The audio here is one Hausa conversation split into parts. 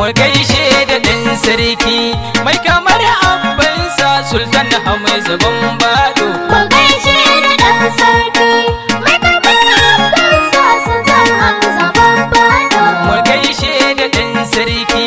mu da ɗan sarki mai kamar sa. sultan hamza bambado mu gaishe da ɗan sarki mai kamar Sa sultan hamza bambado mu gaishe da ɗan sarki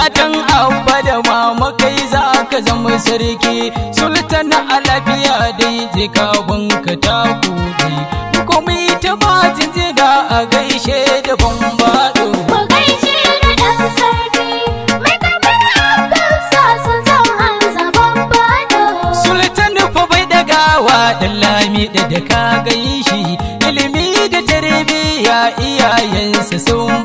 gatan abba da mama kai za ka zama sarki sultana a lafiya dai jikabin ka ta komai ta ba jijjiga a gaishe da bambado lami da da ka gaishe ilimi da tarbiyya iyayensa sun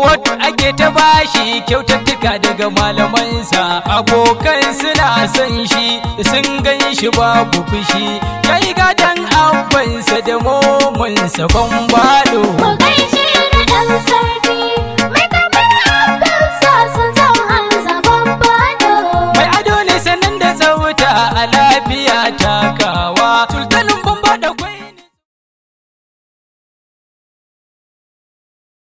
wato ake ta bashi kyaututtuka daga malamansa abokan suna son shi sun gan shi babu fushi kai gadon abbansa da momansa ban bado Mai ado ne sanan da tsauta a lafiya ta